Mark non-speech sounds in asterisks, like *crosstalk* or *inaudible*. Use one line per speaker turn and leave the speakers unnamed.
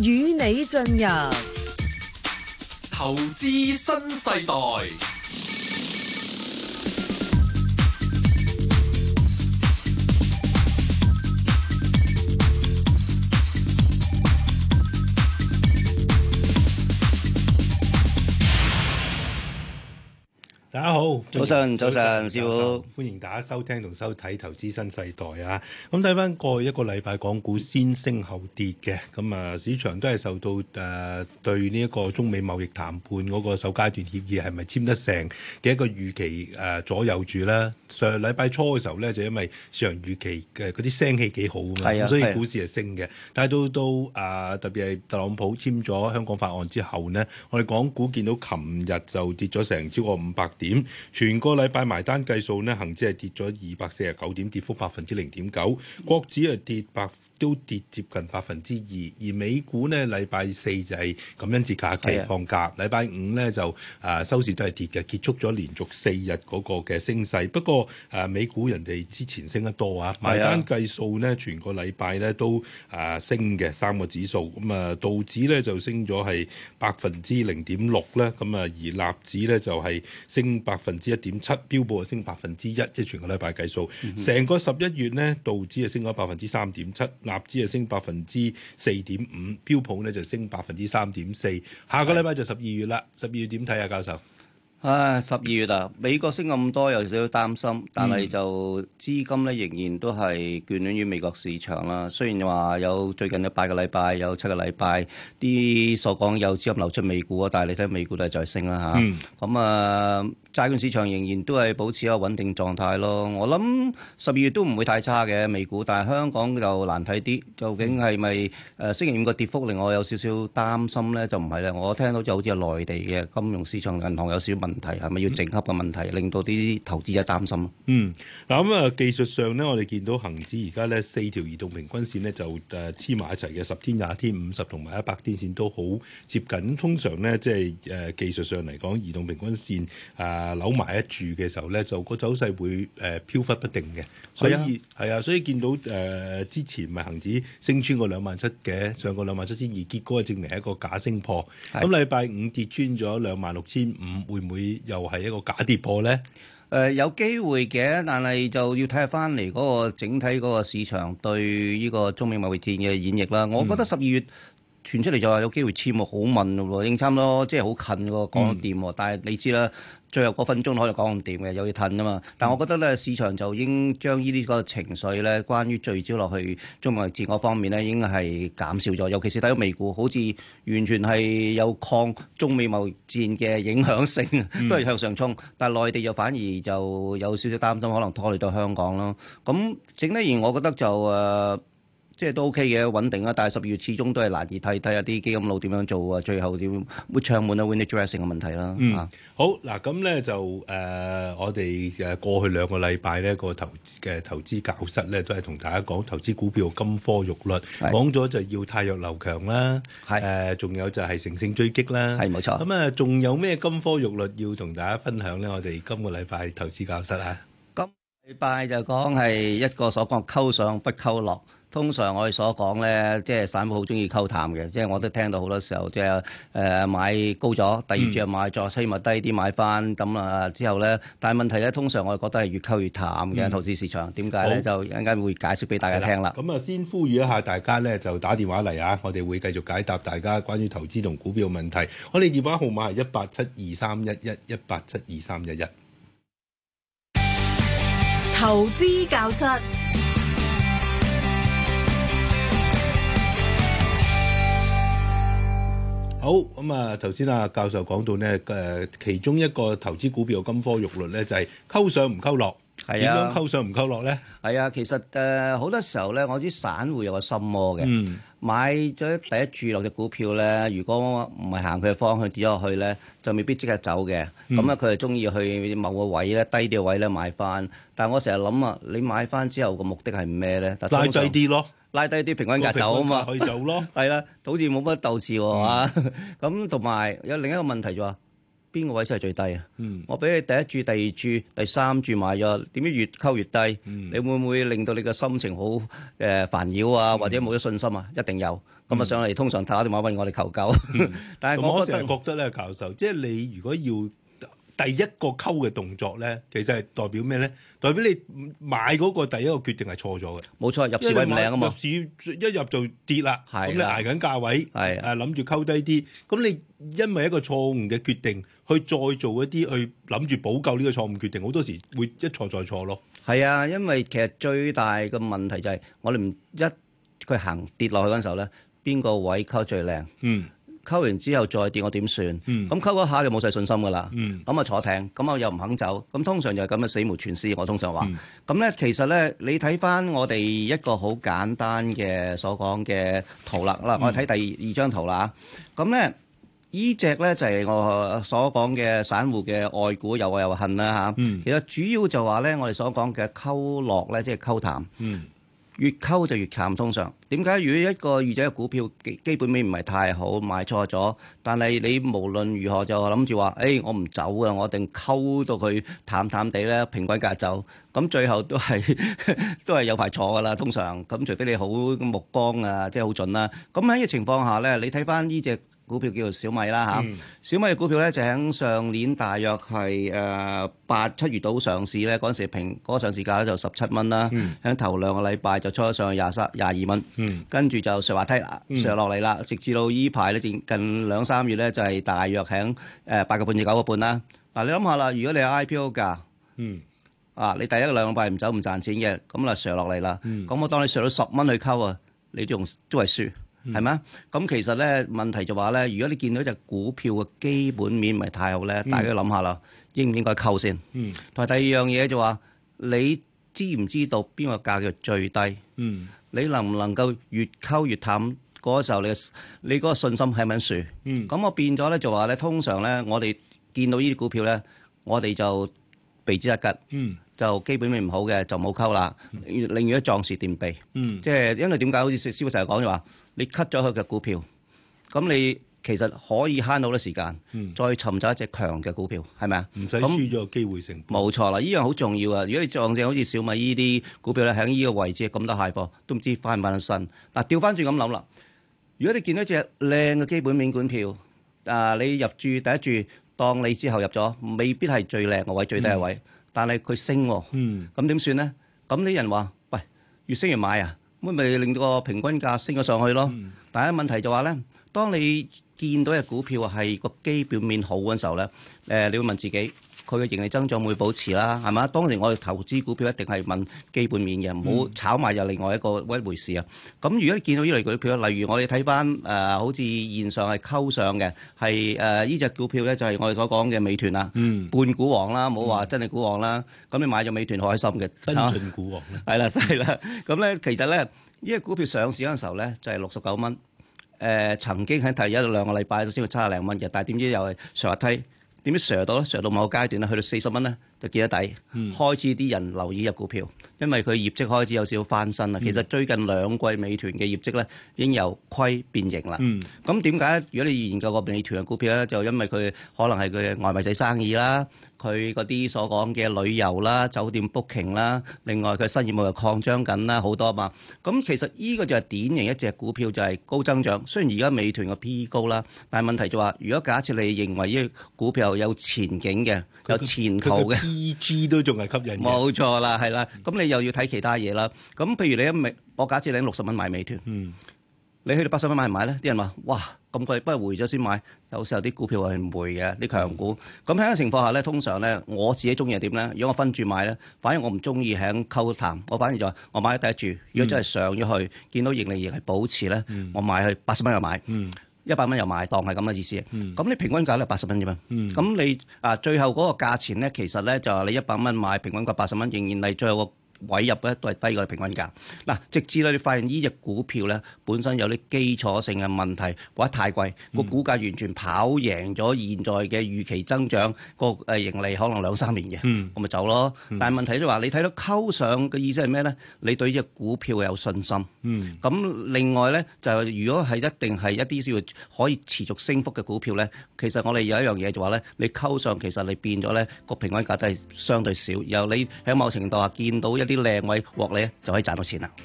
與你進入投資新世代。大家好，早晨，早晨，師傅，歡迎大家收聽同收睇《投資新世代》啊！咁睇翻過去一個禮拜，港股先升後跌嘅，咁啊，市場都係受到誒、啊、對呢一個中美貿易談判嗰個首階段協議係咪簽得成嘅一個預期誒、啊、左右住啦。上禮拜初嘅時候咧，就因為市場預期嘅嗰啲聲氣幾好啊嘛、啊，所以股市係升嘅。啊啊、但係到到啊，特別係特朗普簽咗香港法案之後咧，我哋港股見到琴日就跌咗成超過五百。點全個禮拜埋單計數咧，恆指係跌咗二百四十九點，跌幅百分之零點九。國指係跌百都跌接近百分之二，而美股呢禮拜四就係感恩節假期放假，禮拜是、啊、五呢就啊收市都係跌嘅，結束咗連續四日嗰個嘅升勢。不過啊美股人哋之前升得多啊，埋單計數呢，全個禮拜呢都啊升嘅三個指數，咁、嗯、啊道指呢就升咗係百分之零點六咧，咁啊而納指呢就係、是、升。1 升百分之一點七，標普就升百分之一，即係全個禮拜計數，嗯哼。成個十一月咧，道指就升咗百分之三點七，納指就升百分之四點五，標普咧就升百分之三點四，下個禮拜就十二月啦，十二月點睇啊，教授？
唉，十二月啊，美國升咁多，有少少擔心，但係就資金咧仍然都係眷戀於美國市場啦。雖然話有最近一八個禮拜，有七個禮拜啲所講有資金流出美股，美股、嗯、啊，但係你睇美股都係在升啦吓，咁啊～債券市場仍然都係保持一個穩定狀態咯，我諗十二月都唔會太差嘅美股，但係香港就難睇啲，究竟係咪誒星期五個跌幅令我有少少擔心咧？就唔係咧，我聽到就好似係內地嘅金融市場銀行有少少問題，係咪要整合嘅問題，令到啲投資者擔心？嗯，嗱咁啊，技術上
咧，我哋見到恒指而家咧四條移動平均線咧就誒黐埋一齊嘅，十天、廿天、五十同埋一百天線都好接近。通常咧即係誒、呃、技術上嚟講，移動平均線啊。呃啊，扭埋一住嘅時候咧，就個走勢會誒飄忽不定嘅，所以係啊，啊，所以見到誒、呃、之前咪恒指升穿個兩萬七嘅，上過兩萬七千二，結果證明係一個假升破。咁禮拜五跌穿咗兩萬六千五，會唔會
又係一個假跌破咧？誒、呃，有機會嘅，但係就要睇翻嚟嗰個整體嗰個市場對呢個中美貿易戰嘅演繹啦。我覺得十二月。嗯傳出嚟就話有機會簽喎，好問喎，應差唔多即係好近個講掂喎。嗯、但係你知啦，最後個分鐘可能講唔掂嘅，又要褪啊嘛。但係我覺得咧，市場就應將呢啲個情緒咧，關於聚焦落去中美貿易戰嗰方面咧，應該係減少咗。尤其是睇到美股，好似完全係有抗中美貿易戰嘅影響性，嗯、都係向上衝。但係內地又反而就有少少擔心，可能拖累到香港咯。咁整體而言，我覺得就誒。呃即係都 OK 嘅，穩定啊！但係十二月始終都係難以睇，睇下啲基金佬點樣做啊！最後點會唱滿啊，window dressing 嘅問題啦，嗯，嗯，好嗱，咁咧就誒、呃，我哋誒過去兩個禮拜呢個投嘅投資
教室咧，都係同大家講投資股票金科玉律，講咗是就要汰弱留強啦，係誒是，仲、呃、有就係乘勝追擊啦，係冇錯。咁啊，仲有咩金科玉律要同大家分享咧？我哋今個禮拜投資教室啊！
禮拜就講係一個所講，溝上不溝落。通常我哋所講咧，即係散戶好中意溝淡嘅，即係我都聽到好多時候，即係誒買高咗，第二注又買咗，所以咪低啲買翻，咁啊之後咧，但係問題咧，通常我哋覺得係越溝越淡嘅投資市場。點解咧？就陣間會解釋俾大家聽啦。
咁啊，先呼
籲一下大家咧，就打電話嚟啊！我哋會繼
續解答大家關於投資同股票問題。我哋電話號碼係一八七二三一一一八七二三一一。投資教室。好，咁啊，頭先啊教授講到咧，誒，其中一
個投資股票金科玉律，啊、呢，就係溝上唔溝落，係啊，點樣溝上唔溝落呢？係啊，其實誒，好、呃、多時候呢，我啲散戶有個心魔嘅。嗯買咗第一注落嘅股票咧，如果唔係行佢嘅方向跌落去咧，就未必即刻走嘅。咁咧佢係中意去某個位咧低啲嘅位咧買翻。但係我成日諗啊，你買翻之後個目的係咩咧？但拉低啲咯，拉低啲平均價走啊嘛，可以走咯。係啦、 *laughs* *laughs* 啊，好似冇乜鬥志喎。咁同埋有另一個問題就話。邊個位先係最低啊？嗯、我俾你第一注、第二注、第三注買咗，點知越溝越低？嗯、你會唔會令到你嘅心情好誒煩擾啊？嗯、或者冇咗信心啊？一定有咁啊！上嚟通常打電話問我哋求救，嗯、 *laughs* 但係是我覺得
覺得教授， *laughs* 即係你如果要。第一個溝嘅動作咧，其實係代表咩咧？代表你買嗰個第一個決定係錯咗嘅。冇錯，入市位唔靚啊嘛！入市一入就跌啦，咁的你挨緊價位，係諗住溝低啲。咁你因為一個錯誤嘅決定，去再做一啲
去諗住補救呢個錯誤決定，好多時會一錯再錯咯。係啊，因為其實最大嘅問題就係、是、我哋唔一佢行跌落去嗰陣時候咧，邊個位溝最靚？嗯。溝完之後再跌我點算？咁、嗯、溝嗰下就冇晒信心噶啦。咁啊、嗯、坐艇，咁我又唔肯走。咁通常就係咁樣死無全屍。我通常話。咁咧、嗯、其實咧，你睇翻我哋一個好簡單嘅所講嘅圖啦。嗱、嗯，我睇第二,二張圖啦。咁咧、嗯，呢隻咧就係我所講嘅散戶嘅愛股又愛又恨啦。嚇，其實主要就話咧，我哋所講嘅溝落咧，即係溝淡。嗯越溝就越淡，通常點解？如果一個預製嘅股票基基本面唔係太好，買錯咗，但係你無論如何就諗住話，誒我唔走啊，我，我一定溝到佢淡淡地咧，平鬼價走，咁最後都係 *laughs* 都係有排坐㗎喇，通常咁除非你好目光啊，即係好準啦。咁喺呢個情況下咧，你睇返呢隻。股票叫做小米啦嚇，嗯、小米嘅股票咧就喺上年大約係誒八七月度上市咧，嗰陣時平嗰、嗰個、上市價咧就十七蚊啦，喺、嗯、頭兩個禮拜就衝咗上去廿三廿二蚊，嗯、跟住就上滑梯、嗯、上落嚟啦，直至到依排咧近近兩三月咧就係大約喺誒八個半至九個半啦。嗱、啊、你諗下啦，如果你 IPO 價，嗯、啊你第一兩個禮拜唔走唔賺錢嘅，咁啊上落嚟啦，咁我、嗯嗯、當你上到十蚊去溝啊，你仲都係輸。係咩？咁其實咧，問題就話咧，如果你見到隻股票嘅基本面唔係太好咧，嗯、大家諗下啦，應唔應該溝先？嗯。同埋第二樣嘢就話、是，你知唔知道邊個價嘅最低？嗯。你能唔能夠越溝越淡？嗰時候你你嗰個信心係咪樹？嗯。咁我變咗咧，就話咧，通常咧，我哋見到呢啲股票咧，我哋就。避之一吉，就基本面唔好嘅就唔好溝啦。寧願壯士斷臂，即係因為點解？好似師傅成日講就話，你 cut 咗佢嘅股票，咁你其實可以慳好多時間，再尋找一隻強嘅股票，係咪啊？唔使輸咗機會成本。冇錯啦，依樣好重要啊！如果你撞正好似小米依啲股票咧，喺依個位置咁多蟹貨，都唔知翻唔翻得身。嗱，調翻轉咁諗啦，如果你見到一隻靚嘅基本面股票，啊，你入住第一注。當你之後入咗，未必係最靚個位，最低嘅位，嗯、但係佢升，咁點算咧？咁啲人話：喂，越升越買啊，咁咪令到個平均價升咗上去咯。嗯、但係問題就話咧。當你見到嘅股票係個基本面好嗰陣時候咧，誒，你會問自己佢嘅盈利增長會保持啦，係嘛？當然我哋投資股票一定係問基本面嘅，唔好炒賣，入另外一個、嗯嗯、一回事啊。咁如果見到呢類股票，例如我哋睇翻，誒，好似現上係溝上嘅，係，誒呢隻股票咧就係我哋所講嘅美團啦，嗯、半股王啦，唔好話真係股王啦。咁、嗯、你買咗美團好開心嘅，真係啦，係啦。咁咧 *laughs* 其實咧，呢隻股票上市嗰陣時候咧就係六十九蚊。呃、曾經喺第一兩個禮拜先至七十零蚊嘅，但係點知又係上滑梯，點知上到咧？上到某個階段去到四十蚊呢？就見得底，嗯、開始啲人留意入股票，因為佢業績開始有少少翻身啦。其實最近兩季美團嘅業績咧，已經由虧變盈啦。咁點解？如果你研究過美團嘅股票咧，就因為佢可能係佢嘅外賣仔生意啦，佢嗰啲所講嘅旅遊啦、酒店 booking 啦，另外佢新業務又擴張緊啦，好多嘛。咁其實呢個就係典型一隻股票就係、是、高增長。雖然而家美團嘅 PE 高啦，但係問題就話，如果假設你認為呢股票有前景嘅、它有前途嘅。
E.G. 都仲係吸引嘅，冇錯啦，係
啦。咁你又要睇其他嘢啦。咁譬如你一我假設拎六十蚊買美團，嗯、你去到八十蚊買唔買咧？啲人話：哇，咁貴，不如回咗先買。有時候啲股票係唔回嘅，啲強股。咁喺呢個情況下咧，通常咧，我自己中意係點咧？如果我分住買咧，反而我唔中意喺溝淡。我反而就話、是，我買第一注。」如果真係上咗去，見到盈利亦係保持咧，我買去八十蚊又買。嗯嗯一百蚊又買，當係咁嘅意思。咁、嗯、你平均價咧八十蚊啫嘛。咁、嗯、你最後嗰個價錢咧，其實咧就係你一百蚊買平均價八十蚊，仍然係最後。位入咧都係低過平均價。嗱，直至咧你發現呢隻股票咧本身有啲基礎性嘅問題，或者太貴，個股價完全跑贏咗現在嘅預期增長，個誒盈利可能兩三年嘅，我咪走咯。但係問題就話你睇到溝上嘅意思係咩咧？你對呢隻股票有信心。咁另外咧就係如果係一定係一啲需要可以持續升幅嘅股票咧，其實我哋有一樣嘢就話咧，你溝上其實你變咗咧個平均價都係相對少，然後你喺某程度下見到一啲靚位獲利啊，就可以賺到錢啦～